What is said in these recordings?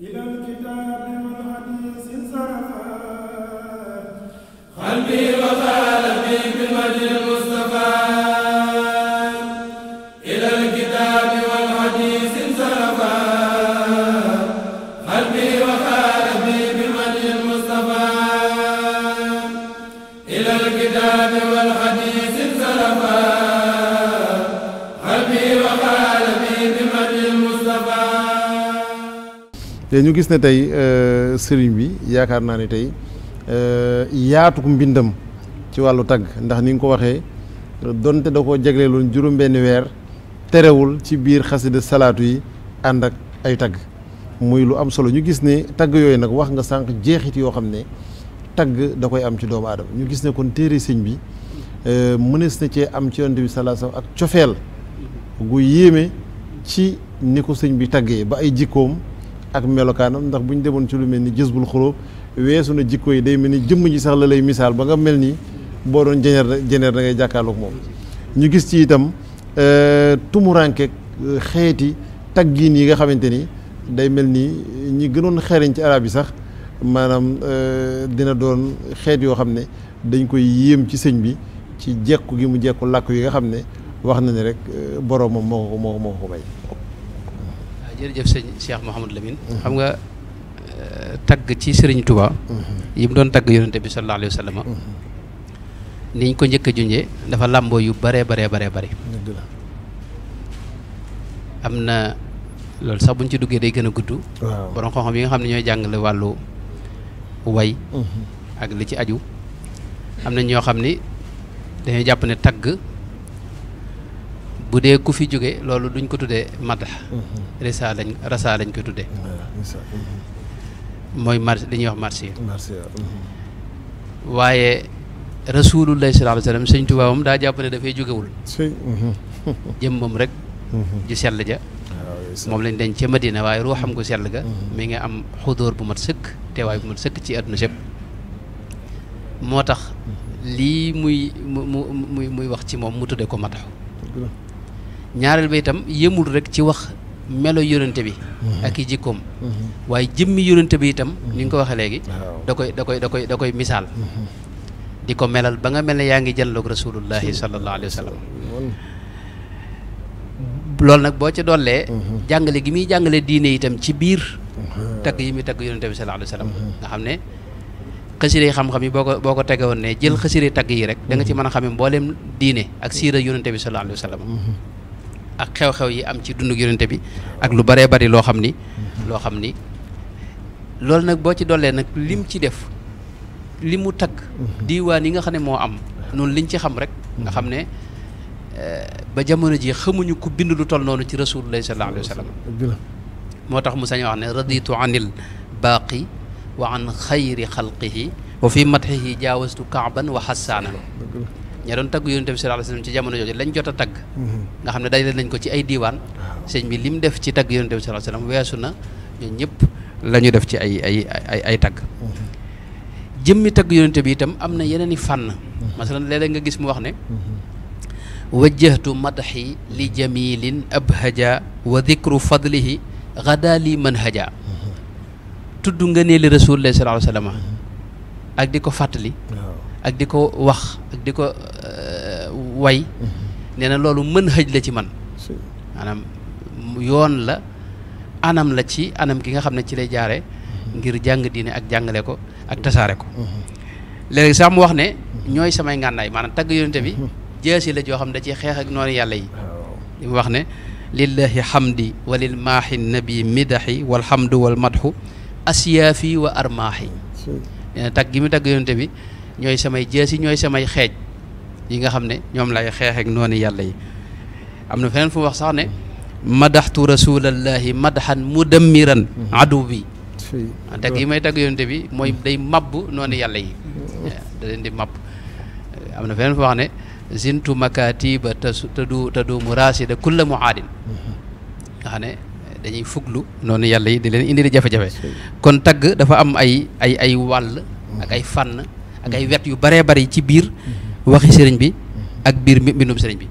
قلبي وقال في بالوجه المصطفى te ñu gis ne tey euh, sëriñ bi yaakaar naa ne tey euh, yaatu mbindam ci wàllu tagg ndax ni nga ko waxee donte da koo jagleeloon juróom-benni weer terewul ci biir xasida salaatu yi ànd ak ay tagg muy lu am solo ñu gis ne tagg yooyu nag wax nga sànq jeexit yoo xam ne tagg da koy am ci doomu aadama ñu gis ne kon téere sëñ bi euh, mënees na cee am ci yonent bi salaasam ak cofeel gu yéeme ci ni ko sëñ bi taggee ba ay jikkoom ak melokaanam ndax bu ñu demoon ci lu mel ni jës bul weesu na jikko yi day mel ni jëmm ji sax la lay misaal ba nga mel ni boo doon jeneer jeneer da ngay jàkkaarloog moom ñu gis ci itam euh, tumuranke euh, xeeti taggiin yi nga xamante ni day mel ni ñi gënoon xereñ ci arab yi sax maanaam euh, dina doon xeet yoo xam ne dañ koy yéem ci sëñ bi ci jekku gi mu jekku làkk yi nga xam ne wax na ni rek boroomam moo ko moo ko ko may jërëjëf sëñ Cheikh Mouhamadou Lamine xam nga euh, tagg ci sëriñ Touba. Mm-hmm. yi mu doon tagg yonente bi sallallahu alayhi wa sallam mm-hmm. niñ ko njëkk a junjee dafa làmboo yu baree baree baree bëri am na loolu sax buñ ci duggee day gën a gudd borom xam-xam yi nga xam ne ñooy jàngale wàllu way mm-hmm. ak li ci aju am na ñoo xam ni dañuy jàpp ne tagg bu dee ku fi jóge loolu duñ ko tuddee matta mhm. risa lañ rasa lañ ko tuddee mhm. mooy mar li ñuy wax marsiya mhm. waaye rasulullahi sallallahu alayhi wasallam sëñ Tuubaa moom daa jàpp ne dafay jógewul moom rek ju sell ja ah, moom lañ denc ca Madina waaye xam ko sell ga mi nga am xudóor bu mat sëkk teewaay bu mat sëkk ci àdduna sépp moo tax lii muy mu muy muy wax ci moom mu tuddee ko mataxu ñaareel bi itam yëmul rek ci wax melo yónente bi mhm. ak i jikkoom mhm. waaye jëmmi yónente bi itam mhm. ni nga ko waxee léegi da koy da koy da koy da koy misaal di ko melal ba nga mel ne yaa ngi jàlloog rasulullahi sallallahu alayhi wa sallam loolu nag boo ca dollee jàngale gi muy jàngale diine itam ci biir tagg yi muy tagg yonente bi sallallahu alayhi wa sallam nga xam ne xasida xam-xam yi boo ko boo ko tegewoon ne jël xasida tagg yi rek danga ci mën a xamee mbooleem diine ak siira yonente bi sallallahu alayhi wa sallam ak xew-xew yi am ci dundu yonente bi ak lu baree bari loo xam ni loo xam ni loolu nag boo ci dollee nag lim ci def li mu takk diwaan yi nga xam ne moo am noonu liñ ci xam rek nga xam ne eh, ba jamono ji xamuñu ku bind lu toll noonu ci rasulullah sallallahu alayhi wa moo tax mu sañ wax ne raditu anil baaqi wa an xayri xalqihi wa fi yi jaawastu kaaban wa xassaana ña doon tagg yonent bi sallallahu alayhi wasallam ci jamono jooju lañ jot a tagg mhm. nga xam ne dajale nañ ko ci ay diwaan sëñ bi li mu def ci tagg yonent bi sallallahu alayhi wasallam weesu na ñun ñëpp la ñu def ci ay ay ay ay tagg mhm. jëmmi tagg yoonte bi itam am na yeneen i fànn mhm. masalan léeg-léeg nga gis mu wax ne wajjahtu madaxi li jamilin abhaja wa dikru fadlihi gada li manhaja tudd nga nee li rasulullah sallallahu ak di ko fàttali ak di ko wax ak di ko euh, way mm-hmm. nee na loolu mën xëj la ci man maanaam yoon la anam la ci anam gi nga xam ne ci lay jaare mm-hmm. ngir jàng diine ak jàngale ko ak tasaare ko mm-hmm. léegi sax mu wax ne ñooy samay ngànnaay maanaam tagg yoonte bi jaasi la joo xam da ci xeex ak noonu yàlla oh. wax ne lillahi hamdi walil maahi nabi midahi walhamdu wal madhu asiyaafi wa armaahi tagg gi mu tagg yonente bi ñooy samay yi ñooy samay xeej yi nga xam ne ñoom lay xeex ak noonu yàlla yi am na feneen fu wax sax ne madaxtu rasulallahi madaxan mudammiran adu bi tagg ah, yi may tagg yonte bi mooy day màbb noonu yàlla yi da leen di mabb am na feneen fu wax ne zintu makatiba tadu taduumu rasida kulla muaadin nga xam ne dañuy fuglu noonu yàlla yi di leen indi di jafe-jafe kon tagg dafa am ay ay ay wàll ak ay fànn ak ay wet yu baree bari ci biir waxi sëriñ bi ak biir mbindum sëriñ bi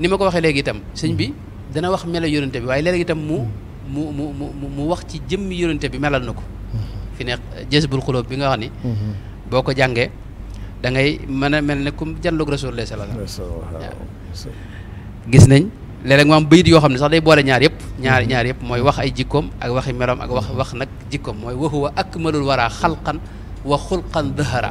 ni ma ko waxee léegi itam sëñ bi dana wax melo yonente bi waaye léegi itam mm-hmm. mu mu mu mu mu wax ci jëmmi yonente bi melal na ko mm-hmm. ne jësbul xulóob bi nga xam ni mm-hmm. boo ko jàngee da a mel ne comme janloog rasulullah sallallahu alayhi wasallam gis nañ léeg maam bayit yoo xam ne sax day boole ñaar yëpp ñaar ñaar yëpp mooy wax ay jikkoom ak waxi meloom ak wax wax nag jikkoom mooy waxuwa ak malul waraa xalqan wax xulqan dëhara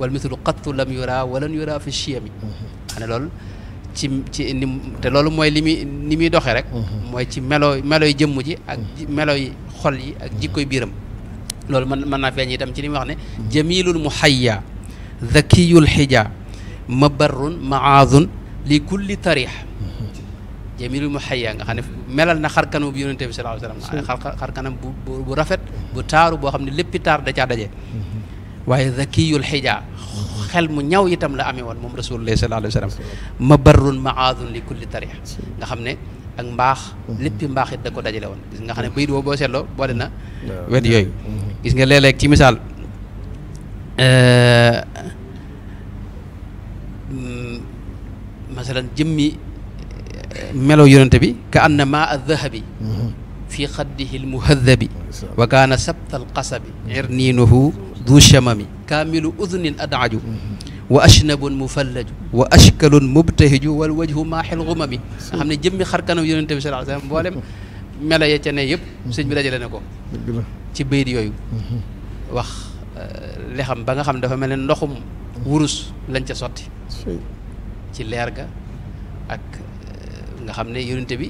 wal mithlu qattu lam yura walan yura fi chiyami xam lool ci ci ni te loolu mooy li muy ni muy doxee rek mooy ci melo meloy jëmm ji ak meloy xol yi ak jikkoy biiram loolu mën mën naa feeñ itam ci li wax ne mu jamilul muhayya zakiyul xija mabarrun maazun li kulli tarix jamilul muhayya nga xam ne melal na xarkanam bu yonente bi sallallahu alayhi xarkanam bu bu rafet bu taaru boo xam ne lépp taar da daje waaye zakiyul xija xel mu ñaw itam la amee woon moom rasulullah sallallahu alayhi wa sallam ma barrun maadun li kulli tarix nga xam ne ak mbaax léppi mbaax it da ko dajale woon gis nga xam ne bayit boobu boo seetloo boole na wet yooyu mm-hmm. gis nga léeg-léeg ci misaal euh, mm, masalan jëmmi euh, melo yonente bi ka anna maa addahabi mm-hmm. fi xaddihi almuhadabi wa kaana sabta alqasabi irniinuhu du chamami kaamilu udnin adaaju wa ashnabun mufallaju wa ashkalun mubtahiju wal wajhu maaxil xumami nga xam ne jëmmi xar kanam yonente bi sallallahu alayhi mboolem melo ya ca ne yëpp sëñ bi dajale na ko ci bayit yooyu wax euh, li xam ba nga xam dafa mel ne ndoxum wurus lañ ca sotti ci leer ga ak euh, nga xam ne yonente bi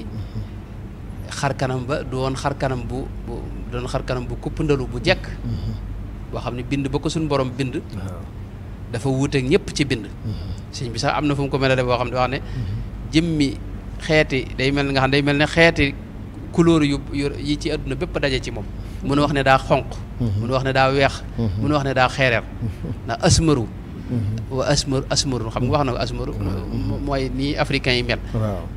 xar kanam ba du woon xar kanam bu bu doon xar kanam bu kuppandalu bu jekk mhm. boo xam ne bind ba ko suñu borom bind dafa wuuteeg ñëpp ci bind mm-hmm. sëñ bi sax am na fu mu ko mel boo xam ne wax ne mm-hmm. jëmmi xeeti day mel nga xam day mel ne xeeti couleur yu yi ci àdduna bépp daje ci moom a mm-hmm. wax ne daa xonq mënu wax ne daa weex mënu wax ne daa xeereer ndax asmaru wa asmar asmaru xam nga wax na ko mm-hmm. mooy nii africain yi mel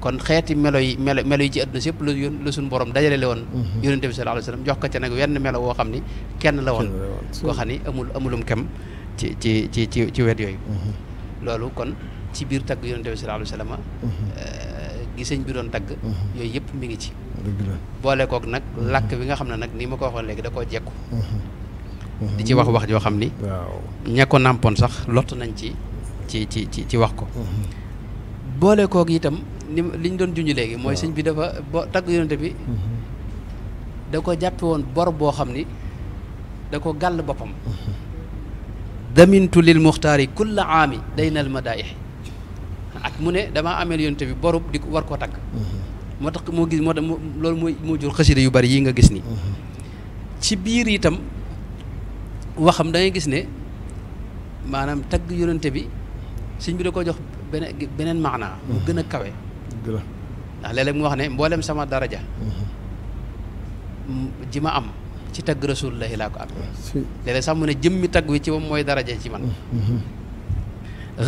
kon xeeti melo yi melo melo yi ci àdduna si yëpp la yoon la suñu borom dajale la woon mm-hmm. yonente bi sallallahu alayhi wasallam jox ko ca nag wenn melo woo xam ni kenn la woon koo xam ni amul amulum kem ci ci ci ci ci wet yooyu mm-hmm. loolu kon ci biir tagg yonente bi sallallahu alayhi wasallam eh, gi sëñ bi doon tagg yooyu yëpp mi ngi ci boole kook nag làkk bi nga xam ne nag ni ma ko waxoon léegi da koo jekku di ci wax wax joo xam ni. ña ko nàmpoon sax lott nañ ci ci ci ci ci wax ko. boole koog itam ni liñ doon junj léegi. mooy sëñ bi dafa bo tagg yonent bi. Mm-hmm. da ko jàppe bor boo xam ni da ko gàll boppam. Mm-hmm. damintu lil muxtaari kulla aami daynal madaayix ak mu ne damaa ameel yonent bi borub di ko war koo tagg. Mm-hmm. moo tax moo gis moo tax loolu moo jur xasida yu bari yi nga gis nii. ci biir itam. waxam da ngay gis ne maanaam tagg yonent bi sëñ bi da ko jox beneen beneen maanaa mu gën a kawe ndax léeg mu wax ne mboolem sama daraja ji ma am ci tagg rasulullahi laa ko am léeg-léeg sax mu ne jëmmi tagg wi ci moom mooy daraja ci man mm-hmm. mm-hmm.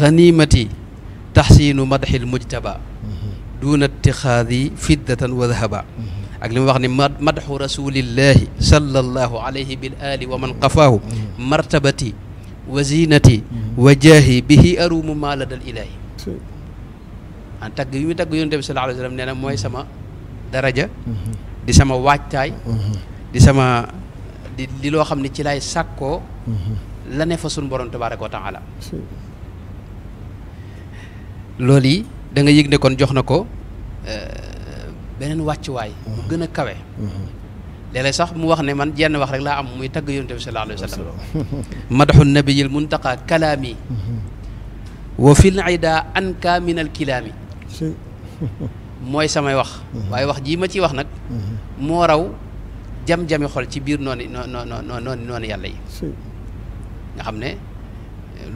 ganimati taxsiinu madxil mujtaba mm-hmm. duuna ittixaadi fiddatan wa dahaba ak li mu wax ni madxu rasulillahi sallallahu alayhi bil ali wa man qafaahu mm-hmm. martabati wa zinati wa mm-hmm. jaahi bihi arumu ma ladal ilahi tagg yi muy tagg yonent bi sallallahu alayhi wa nee na mooy sama daraja mm-hmm. di sama waajtaay di sama li loo xam ne ci lay sàkkoo la ne fa sun wa taala loolu yi da nga ne kon jox na ko euh, beneen wàccuwaay. bu mhm. gën a kawe. Mhm. léeg sax mu wax ne man jenn wax rek laa am muy tagg yonent bi sallallahu alayhi wa sallam madxu nabiyil muntaqa kalaami mhm. wa fil ida anka min al kilaami samay wax waaye wax jii ma ciy wax nag moo raw jam-jami xol ci biir noonu noo yàlla yi xam ne eh,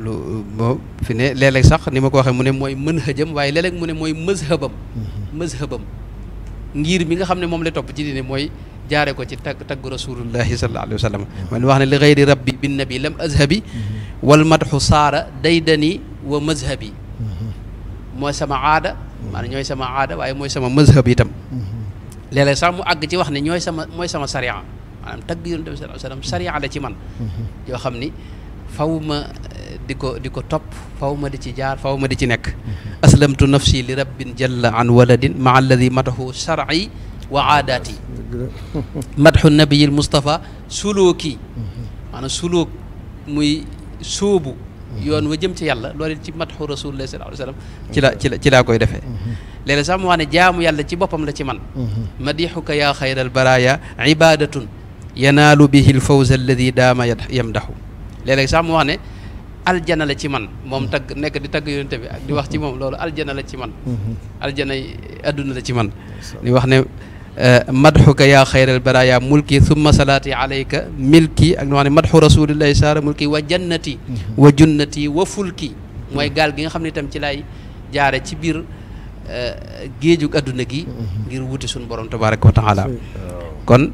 lu bo fi ne léeg sax ni ma ko waxee mu ne mooy mën hëjam waaye léeg mu ne mooy mëzhabam mëzhabam ngir mi nga xam ne moom la topp ci diine mooy jaare ko ci tag tagg rasulullahi sallallahu alayhi wa sallam man wax ne li gayri rabbi bin nabi lam azhabi mhm. wal madxu saara daydani wa mazhabi mhm. mooy sama aada mhm. maanaam ñooy sama aada waaye mooy sama mazhab itam léeg-léeg sax mu àgg ci wax ne ñooy sama mooy sama sariya maanaam tagg yonent bi sallallahu alayhi ci man yoo xam ni faw ma di ko di ko topp faw ma di ci jaar faw ma di ci nekk aslamtu nafsi li rabbin jalla an waladin maa alladi matahu shar'i wa aadaati madhu nabiyil mustafa sulooki maanaam muy sóobu yoon wa jëm ci yàlla loolu ci madhu rasulullah sallallahu ci la ci la ci laa koy defee léeg-léeg sax mu wax jaamu yàlla ci boppam la ci man madixuka yaa xayral baraya ibadatun yanaalu bihi l fawza daama yamdahu aljana la ci man moom tagg nekk di tagg yonente bi ak di wax ci moom loolu aljana la ci man mhm. aljana adduna la ci man di wax ne eh, madxuka yaa xayral baraya mulki summa salaati alayka milki ak wax ne madxu rasulillahi saara mulki wa jannati mhm. wa junnati wa fulki mooy gaal gi nga xam ne itam ci lay jaare ci biir eh, géeju adduna gi mhm. ngir wuti suñu borom tabaraka wa taala kon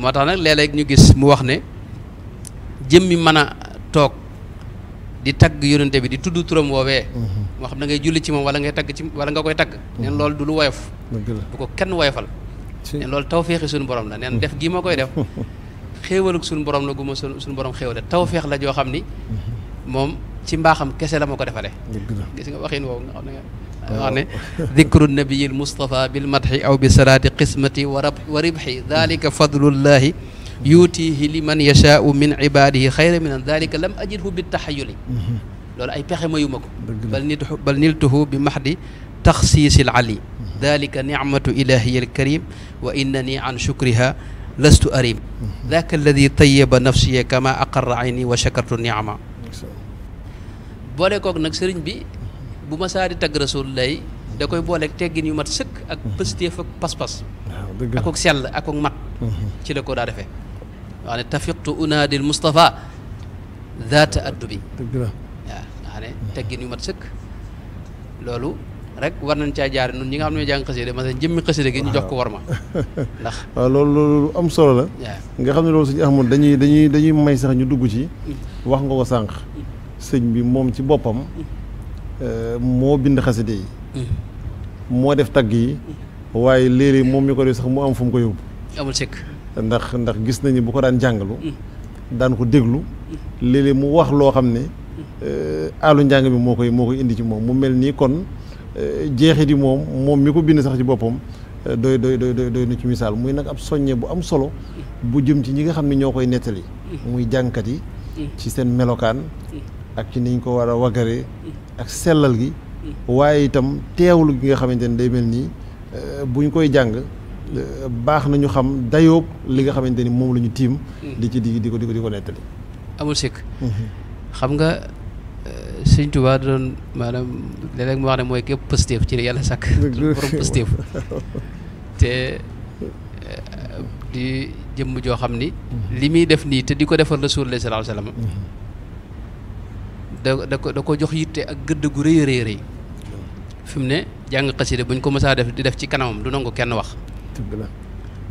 moo tax nag léeg-léeg ñu gis mu wax ne jëmmi mën a toog di tagg yonent bi di tudd turam woowee mhm. moo xam da ngay julli ci moom wala ngay tagg ci wala nga koy tagg mhm. neen loolu du lu woyof bu ko kenn woyofal neen loolu tawféexi suñu borom la neen mhm. def gi ma koy def xéewalug suñu borom la gu ma suñu borom xéewale tawféex la joo xam ni moom ci mbaaxam kese la ma ko defalee gis nga waxin woowu nga xam ne wax ne dicru nabiyi l moustapha bil aw bi salaati qismati wa ribhi dalika fadlullahi yuutihi li man yashaau min ibaadihi xayra min dalika lam ajidhu bi taxayuli loolu ay pexe mayu ma ko bal nit bal niltuhu bi maxdi taxsiisil ali dalika nicmatu ilahiya alkarim wa innani an shukriha lastu arim daka alladi tayaba nafsiya kama aqarra ayni wa shakartu nicma boole kook nag sëriñ bi bu ma saa di tagg rasulullahi da koy booleeg teggin yu mat sëkk ak mm-hmm. pëstéef ak pas-pas akook sell akook mat mm-hmm. ci la ko daa defee wax ne tafiqtu unaadil Moustapha zaata addubi waaw nga xam ne teggin yu mat sëkk loolu rek war nañ caa jaar ñun ñi nga xam ne ñoo jàng xasida ma jëmmi xasida gi ñu jox war ma loolu loolu am solo la nga xam ne loolu sëñ Ahmad dañuy dañuy dañuy may sax ñu dugg ci mm. wax nga ko sànq sëñ bi moom ci boppam mm. euh, moo bind xasida yi mm. moo def tagg yi waaye léeg-léeg moom mi ko def sax mu am fu mu ko yóbbu amul sëkk ndax ndax gis nañu bu ko daan jàngalu daan ko déglu léeg mu wax loo xam ne euh, aalu njàng bi moo koy moo koy indi ci moom mu mel nii kon euh, jeexit yi moom moom mi ko bind sax ci boppam euh, doy doy doy doy na ci misaal muy nag ab soññe bu am solo bu jëm ci ñi nga xam ne ñoo koy nettali muy jànkat yi ci seen melokaan ak ci niñ ko war a wagaree ak sellal gi waaye itam teewlu gi nga xamante ne day mel nii buñ koy jàng baax na ñu xam dayoob li nga xamante ni moom lañu tiim. li mm. ci di di ko di ko nettali. amul sikk. Mm-hmm. xam nga euh, sëñ Tuubaa doon maanaam léeg wax ne mooy képp positif ci yàlla sakk. borom positif te euh, di jëmm joo xam ni. Mm-hmm. li muy def nii te di ko defal Rasulullah sallallahu alayhi wasallam. Mm-hmm. da da ko da ko jox yitte ak gëdd gu rëy a rëy rëy fi mu ne jàng xasida bu ñu ko mësaa def di def ci kanamam du nangu kenn wax. bu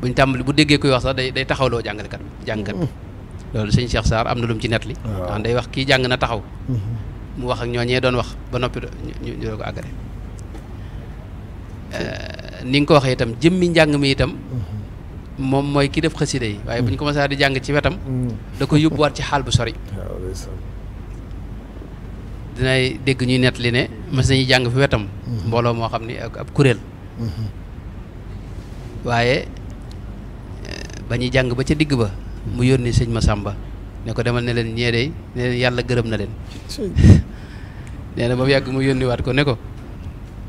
buñ tàmbali bu déggee kuy wax sax day day taxawloo jàngalekat bi jàngkat bi mm-hmm. loolu sëñ Cheikh Sarr am na lu ci nett li ndax day wax kii jàng na taxaw mm-hmm. mu wax ak ñooñee doon wax ba noppi ñu ñu ko àggale mm-hmm. eh, ni nga ko waxee itam jëmmi njàng mi itam moom mooy ki def xasida yi waaye bu ñu commencé di jàng ci wetam da ko yóbbuwaat ci xaal bu sori dinay dégg ñuy net li ne mas nañuy jàng fi wetam mbooloo moo xam ni ab kuréel waaye eh, ba ñuy jàng ba ca digg ba mu yónni sëñ ma sàmba ne ko demal ne leen ñee dey ne leen yàlla gërëm na leen nee na ba yàgg mu yónniwaat ko ne ko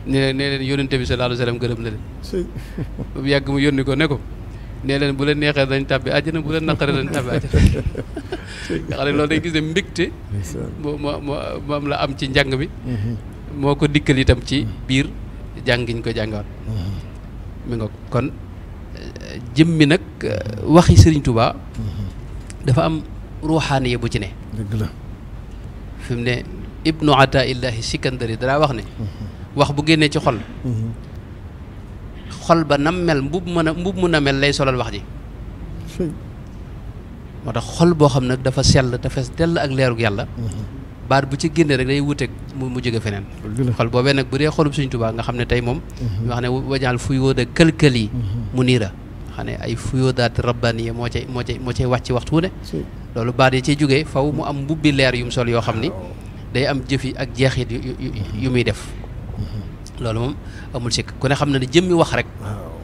ne ne leen yónnante bi sallallahu alayhi wasallam gërëm na leen ba yàgg mu yónni ko ne ko ne leen bu leen neexee dañ tàbbi àjjana bu leen naqare dañ tàbbi àjjana nga loolu day gis ne mbégte moo moo moom la am ci njàng bi mm-hmm. moo ko dikkal itam ci mm-hmm. biir jàngiñ ko jàngaat mm-hmm. mi nga kon eh, jëmmi nag eh, waxi sëriñ tubaa mm-hmm. dafa am ruuxaaniye bu ci ne. dëgg mu ne Ibnu Ataa Illaahi Sikandari danaa wax ne. Mm-hmm. wax bu génnee ci xol. Mm-hmm. xol ba nam mel mbub mën a mbub mun a mel lay solal wax ji. moo tax xol boo xam nag dafa sell te fees dell ak leerug yàlla. baat bu ci génne rek day wuteeg mu jóge feneen xol boobee nag bu dee xolub Sëriñ Tuubaa nga xam ne tey moom ñu mhm. wax ne wajaal fuyóo da kël-kël yi mhm. mu niira xam ne ay fuyóo daat rabbaniya moo cay moo cay moo cay wàcc waxtu wu ne loolu baat yi ciy jógee faw mu am mbubbi leer yum sol yoo xam ni day am jëfi ak jeexit yu muy def mhm. loolu moom amul sikk ku ne xam na ne jëmmi wax rek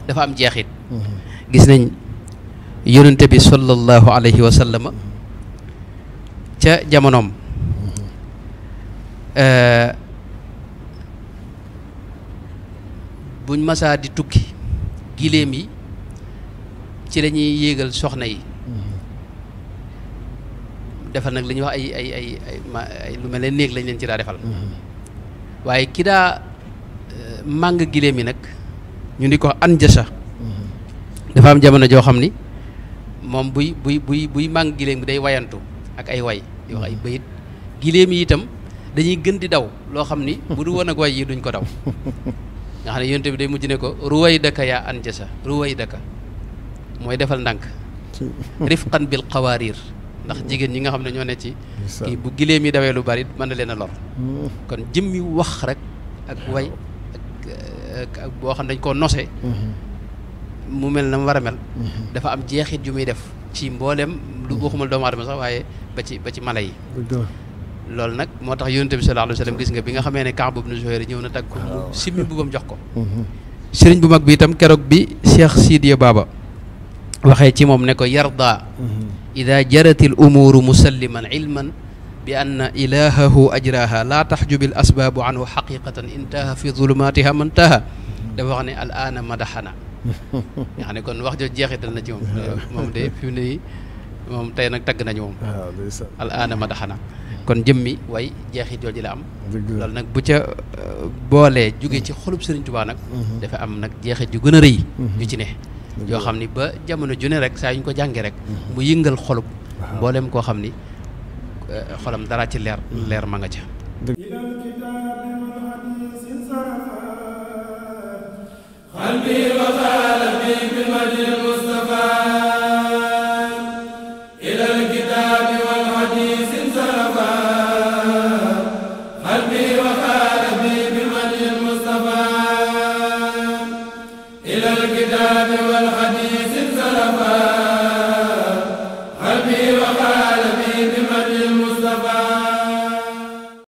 dafa am jeexit gis nañ yonente bi sallallahu alayhi wa sallama ca jamonoom Euh, buñ masaa di tukki giléem yi ci lañuy yéegal soxna yi mm-hmm. defal nag li ñuy wax ay ay ay ay lu mel ne néeg lañ leen ci daa defal mm-hmm. waaye ki daa euh, màng giléem yi nag ñu di ko anjasa mm-hmm. dafa am jamono joo xam ni moom buy buy buy buy màng giléem bi day wayantu ak ay way di wax ay bayit giléem yi itam dañuy gën di daw loo xam ni bu du woon ak way yi duñ ko daw nga xam ne yonte bi day mujj ne ko ruway daka yaa an jasa ruway daka mooy defal ndànk rifqan bil xawaarir ndax jigéen ñi nga xam ne ñoo ne ci kii bu gileem yi dawee lu bari mën na leen a lor mm. kon jëmmi wax rek ak way ak boo xam dañ koo nose mm-hmm. mu mel na mu war a mel mm-hmm. dafa am jeexit yu muy def ci mbooleem lu mm-hmm. waxumal doomu aadama sax waaye ba ci ba ci mala yi loolu nag moo tax yonent bi sallallahu alayhi gis nga bi nga xamee ne Kaab ibn Zuhayr ñëw na tàgg ko mu simmi mbubbam jox ko mhm. sëriñ bu mag bi itam keroog bi Cheikh Sidiya Baba waxee ci moom ne ko yarda mhm. ida jarati l umuuru musalliman ilman bi anna ilahahu ajraha laa taxjubi l asbaabu anhu xaqiqatan intaha fi zulumatiha mantaha mhm. dafa wax ne al aana madaxana nga kon wax jo jeexital na ci moom moom de fi mu moom tey nag tagg nañu moom ah, al aana madaxana kon jëmmi way jeexit jooju la am loolu nag bu ca euh, boolee jóge ci xolub Sëriñ Tuubaa nag mhm. dafa am nag jeexit yu gën a rëy mhm. yu ci ne yoo xam ni ba jamono ju ne rek saa yu ñu ko jàngee rek mhm. mu yëngal xolub mbooleem koo xam ni euh, xolam dara ci leer leer ma nga ca qalbi wa